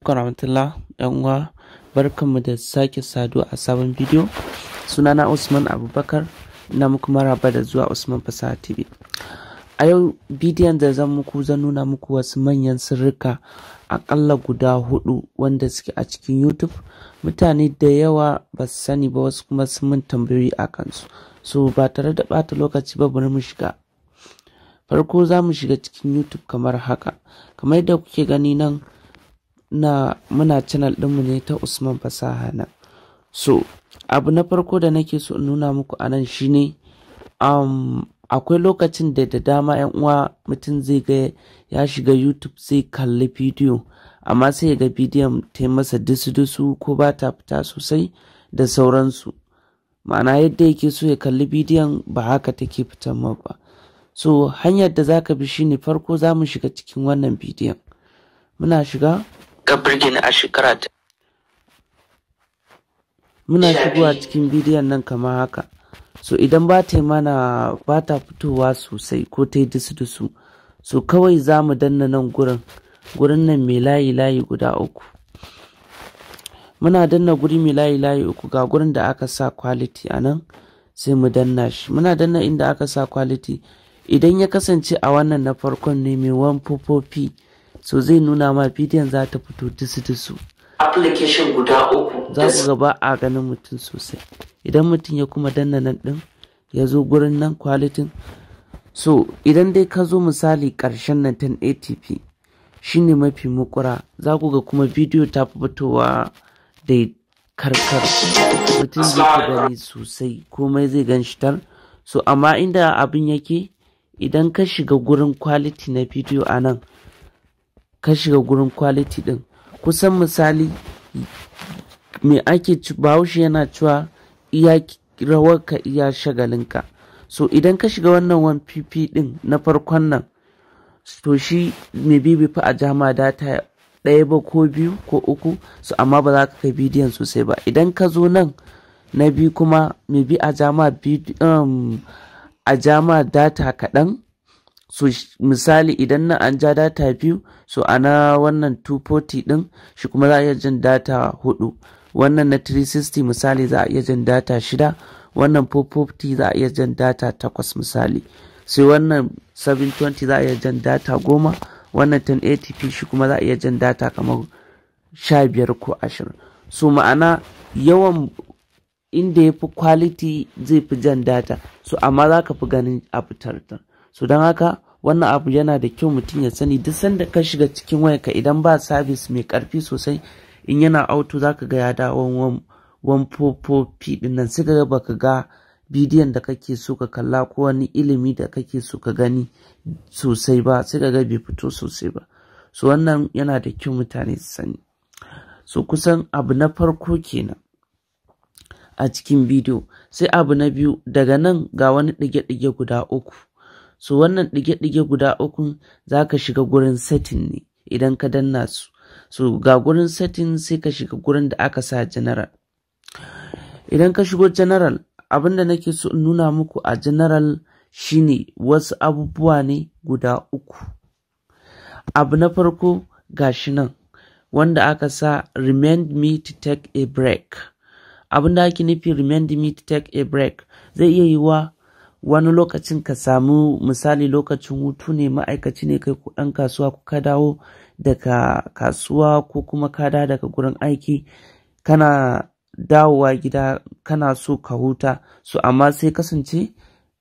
Alaikum yan uwa barkanmu da sake saduwa a sabon bidiyo sunana Usman Abubakar na muku maraba da zuwa Usman Fasaha TV a yau bidiyon da zan muku zan nuna muku wasu manyan sirrika akalla guda hudu wanda suke a cikin YouTube mutane da yawa ba su sani ba wasu kuma sun mun tambayoyi a kansu so ba tare da bata lokaci ba bari mu shiga farko za mu shiga cikin YouTube kamar haka kamar yadda kuke gani nan na muna channel ɗinmu ne ta Usman Fasaha na. So, abu na farko da nake so in nuna muku anan nan shine um, akwai lokacin da da dama yan uwa mutum zai ga ya shiga YouTube zai kalli bidiyo amma sai ya ga bidiyon ta masa dusu-dusu ko ba ta fita sosai da sauransu. Ma'ana yadda yake so ya kalli bidiyon ba haka take fitan ba. So hanyar da zaka bi shine farko za mu shiga cikin wannan bidiyon. Muna shiga ta birgin a shekara ta muna shigowa cikin bidiyon nan kama haka so idan ba ta mana ba ta fitowa sosai ko ta yi dusu dusu so kawai za mu danna nan gurin gurin nan mai layi layi guda uku muna danna guri mai layi layi uku ga gurin da aka sa quality a nan sai mu danna shi muna danna inda aka sa quality idan ya kasance a wannan na farkon ne mai 144p so zai nuna ma bidiyon za ta fito disu-disu application guda uku za ku gaba a ganin mutum sosai idan mutum ya kuma danna nan din ya zo gurin nan kwalitin so idan dai ka zo misali karshen nan 1080p shine mafi mukura za ku ga kuma bidiyo ta fitowa da karkar mutum zai gani sosai komai zai gan shi tar so amma inda abin yake idan ka shiga gurin kwaliti na bidiyo a nan ka shiga gurin kwaliti din kusan misali me ake bahaushe yana cewa iya ka iya shagalinka so idan ka shiga wannan wan pp din na farkon nan to shi mai bibi fi a jama data ɗaya ba ko biyu ko uku so amma ba za ka kai bidiyon sosai ba idan ka zo nan na biyu kuma mai bi a jama um, data kaɗan so misali idan na an ja data biyu so ana wannan 240 din shi kuma za a iya jin data hudu wannan na 360 misali za a iya jin data shida wannan 440 za a iya jan data takwas misali sai wannan 720 za a iya jan data goma wannan 1080p shi kuma za a iya jan data kamar sha biyar ko ashirin so ma'ana yawan inda ya fi quality zai fi jan data so amma za ka fi ganin a fitar so don haka wannan abu yana da kyau mutum ya sani duk sanda ka shiga cikin ka idan ba sabis mai karfi sosai in yana auto zaka ga ya dawo wan popopi din nan sai ga baka ga bidiyon da kake so ka kalla ko wani ilimi da kake so ka gani sosai ba sai ga bai fito sosai ba so wannan yana da kyau mutane su sani so kusan abu na farko kenan a cikin bidiyo sai abu na biyu daga nan ga wani ɗige-ɗige guda uku so wannan ɗige-ɗige guda uku za ka shiga gurin setting ne idan ka danna su so ga gurin setting sai ka shiga gurin da aka sa general idan ka shigo general abinda nake so in nuna muku a general shine wasu abubuwa ne guda uku abu na farko gashi nan wanda aka sa remind me to take a break abin da ake nufi remind me to take a break zai iya yiwa wani lokacin ka samu misali lokacin hutu ne ma'aikaci ne kai ɗan kasuwa ko ka dawo daga kasuwa ko kuma ka dawo daga gurin aiki kana dawowa gida kana so ka huta so amma sai kasance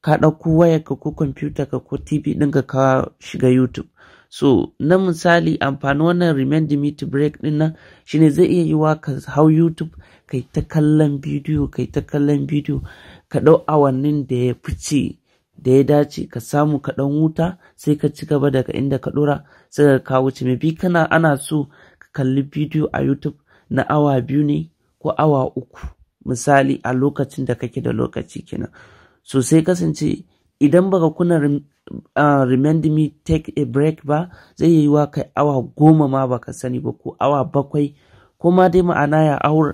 ka ɗauko wayarka ko ka ko tv ɗinka ka shiga youtube so na misali amfani wannan remind me to break din nan shine zai iya yiwa ka hau youtube kai ta kallon bidiyo kai ta kallon bidiyo ka ɗau awannin da ya fice da ya dace ka samu ka ɗan huta sai ka ci gaba daga inda ka ɗora sai ka kawo ci bi kana ana so ka kalli bidiyo a youtube na awa biyu ne ko awa uku misali a lokacin da kake da lokaci kenan so sai kasance idan baka kuna uh, remind me take a break ba zai yi wa kai awa goma ma baka sani ba ko awa bakwai ko ma dai ma'ana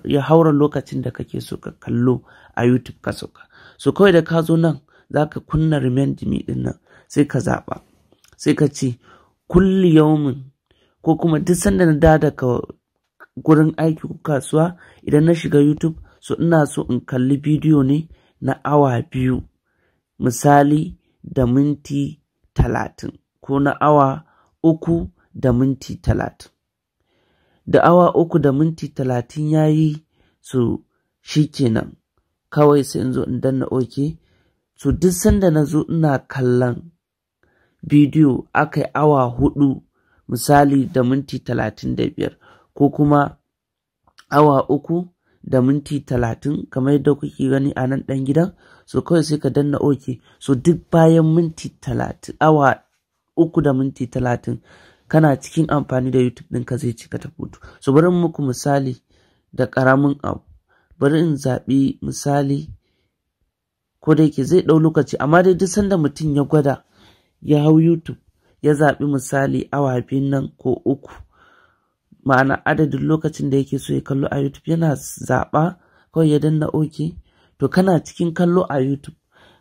ya haura lokacin da kake so ka kallo a youtube ka sauka so kawai da ka zo nan za ka kunna remind me din nan sai ka zaɓa sai ka ce kulli yaumin ko kuma duk sanda na da daga gurin aiki ko kasuwa idan na shiga youtube so ina so in kalli bidiyo ne na awa biyu misali da minti talatin ko na awa uku da minti talatin da awa uku da minti talatin ya yi su shi kenan kawai sai in zo in danna oke su duk sanda na zo ina kallon bidiyo aka yi awa hudu misali da minti talatin da biyar ko kuma awa uku da minti talatin kamar yadda kuke gani a nan ɗan gidan so kawai sai ka danna oke so duk bayan minti talatin awa uku da minti talatin kana cikin amfani da youtube ka zai cika ta hutu so bari muku misali da ƙaramin abu bari in zaɓi misali ko da yake zai ɗau lokaci amma dai duk sanda mutum ya gwada ya hau youtube ya zaɓi misali awa biyun nan ko uku ma'ana adadin lokacin da yake so ya kallo a YouTube yana zaɓa kawai ya danna oke to kana cikin kallo a YouTube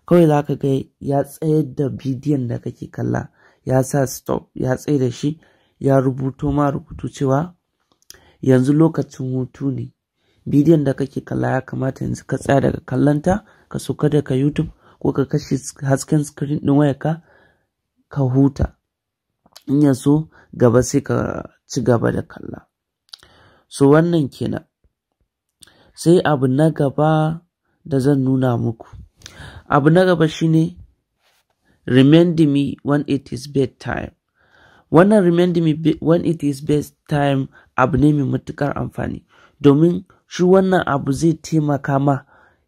kawai za ka ga ya tsayar da bidiyon da kake kalla ya sa stop ya tsaye da shi ya rubuto ma rubutu cewa yanzu lokacin hutu ne bidiyon da kake kalla ya kamata yanzu ka tsaya daga kallonta ka sauka daga YouTube ko ka kashe hasken screen ɗin wayarka ka huta in ya so gaba sai ka ci gaba da kalla so wannan kenan sai abu na gaba da zan nuna muku abu na gaba shine remind me when it is bedtime wannan remind me when it is bedtime abu ne mai matukar amfani domin shi wannan abu zai taimaka ma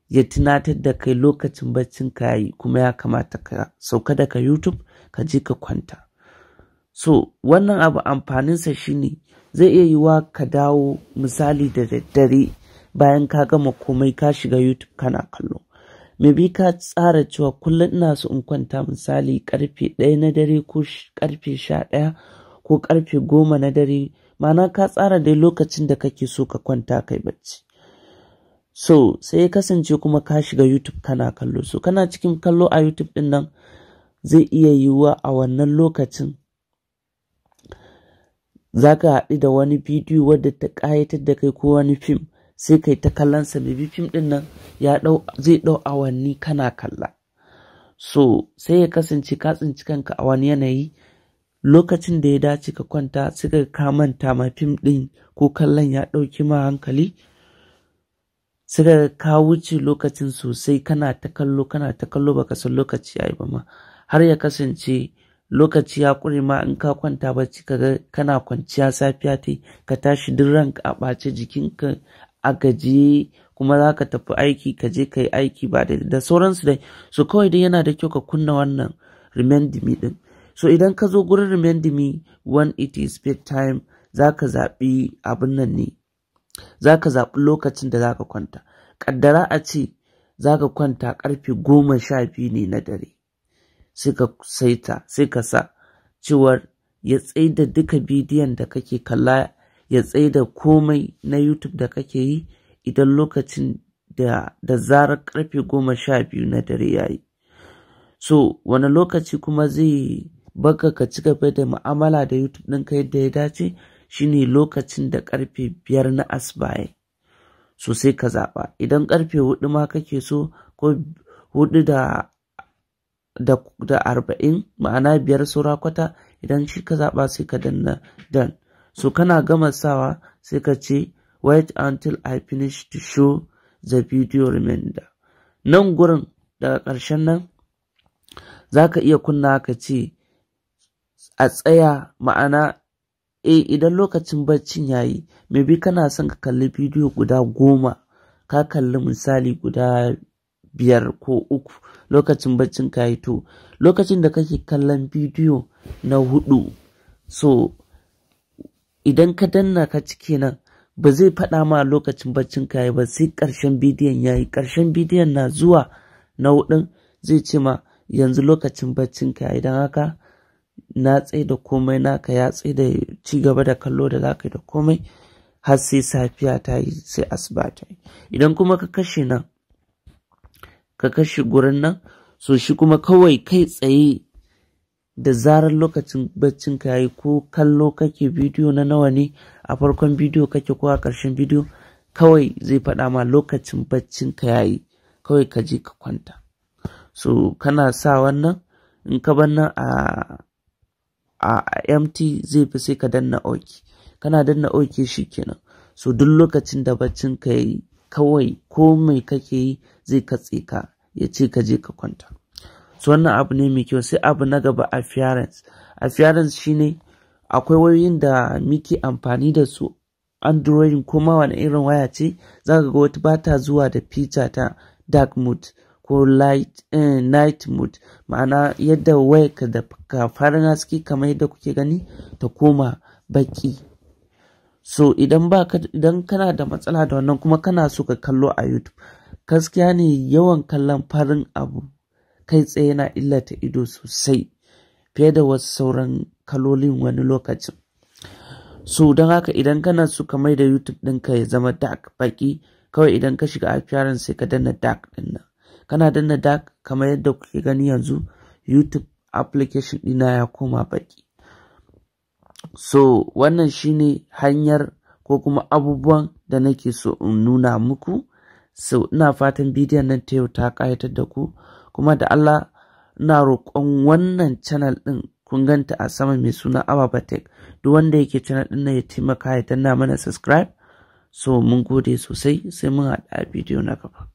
ya tunatar da kai lokacin baccin ka yi kuma ya kamata ka sauka daga youtube ka je ka kwanta so wannan abu amfaninsa shine zai iya yiwa ka dawo misali da daddare bayan ka gama komai ka shiga youtube kana kallo maybe ka tsara cewa kullum ina so in kwanta misali karfe ɗaya na dare ko karfe sha ɗaya ko karfe goma na dare mana ka tsara dai lokacin da kake so ka kwanta kai bacci so sai ya kasance kuma ka shiga youtube kana kallo so kana cikin kallo a youtube ɗin nan zai iya yiwuwa a wannan lokacin za ka haɗu da wani bidiyo wadda ta ƙayatar da kai ko wani fim sai kai ta kallon sa bibi fim ɗin nan ya zai ɗau awanni kana kalla so sai ya kasance ka tsinci kanka a wani yanayi lokacin da ya dace ka kwanta sai ka manta ma fim ɗin ko kallon ya ɗauki ma hankali suka ka wuce lokacin sosai kana ta kallo kana ta kallo baka san lokaci yi ba ma har ya kasance lokaci ya ƙure ma in ka kwanta bacci ga kana kwanciya safiya ta ka tashi duk ranka a ɓace jikinka a gajiye kuma za ka tafi aiki ka je ka yi aiki ba da da sauransu dai so kawai dai yana da kyau ka kunna wannan remindimi din so idan ka zo gurin remindimi when it is Time. za ka zaɓi abin nan ne za ka zaɓi lokacin da za ka kwanta ƙaddara a ce za ka kwanta ƙarfe goma sha biyu ne na dare ka saita sai ka sa cewar ya da duka bidiyon da kake kalla ya da komai na youtube da kake yi idan lokacin da zarar karfe goma sha biyu na dare ya yi so wani lokaci kuma zai baka ka ci gaba da ma'amala da youtube ɗinka yadda ya dace shine lokacin da karfe biyar na asbaye sosai ka zaɓa idan karfe hudu ma kake so ko hudu da da arba'in ma'ana biyar saura kwata idan shi ka zaɓa sai ka danna dan so kana gama sawa sai ka ce wait until I finish to show the video remainder nan gurin daga ƙarshen nan za ka iya kunna ka ce a tsaya ma'ana e idan lokacin baccin yayi maybe kana son ka kalli bidiyo guda goma ka kalli misali guda biyar ko uku lokacin baccin ka to lokacin da kake kallon bidiyo na hudu so idan ka danna ka cike nan ba zai faɗa ma lokacin baccin ka ba sai ƙarshen bidiyon ya yi ƙarshen bidiyon na zuwa na hudun zai ce ma yanzu lokacin baccin ka idan haka na tsaye da komai naka ya tsaye da ci gaba da kallo da za ka yi da komai har sai safiya ta yi sai asuba ta yi idan kuma ka kashe nan ka kashe gurin nan so shi kuma kawai kai tsaye da zarar lokacin baccin ka yi ko kallo kake bidiyo na nawa ne a farkon bidiyo kake ko a ƙarshen bidiyo kawai zai faɗa ma lokacin baccin ka yayi kawai ka je ka kwanta so kana sa wannan in ka bar nan a a mt zai fi sai ka danna oki kana danna oki kenan so duk lokacin da baccin ka yi. kawai komai kake yi zai katse ka ya ce ka je ka kwanta Su wannan abu ne mai kyau sai abu na gaba a appearance appearance shine akwai wayoyin da muke amfani da su android kuma wani irin waya ce za ka ga wata bata zuwa da feature ta dark mode ko light eh, night mode ma'ana yadda waya ka da kafarin haske kamar yadda kuke gani ta koma baki so idan ba ka idan kana da matsala da wannan kuma kana so ka kallo a youtube gaskiya ne yawan kallon farin abu kai tsaye na illata ido sosai fiye da wasu sauran kalolin wani lokacin so don haka idan kana so ka mai da youtube ɗinka ya zama dark baki kawai idan ka shiga appearance sai ka danna dark din nan kana danna dark kamar yadda kuke gani yanzu youtube application ɗina ya koma baki so wannan shine hanyar ko kuma abubuwan da nake so in nuna muku so ina fatan bidiyon nan ta yau ta ƙayatar da ku kuma da Allah ina roƙon wannan channel ɗin kun ganta a sama mai suna Ababatek duk wanda yake channel ɗin na ya taimaka ya danna mana subscribe so mun gode sosai sai mun haɗa bidiyo na gaba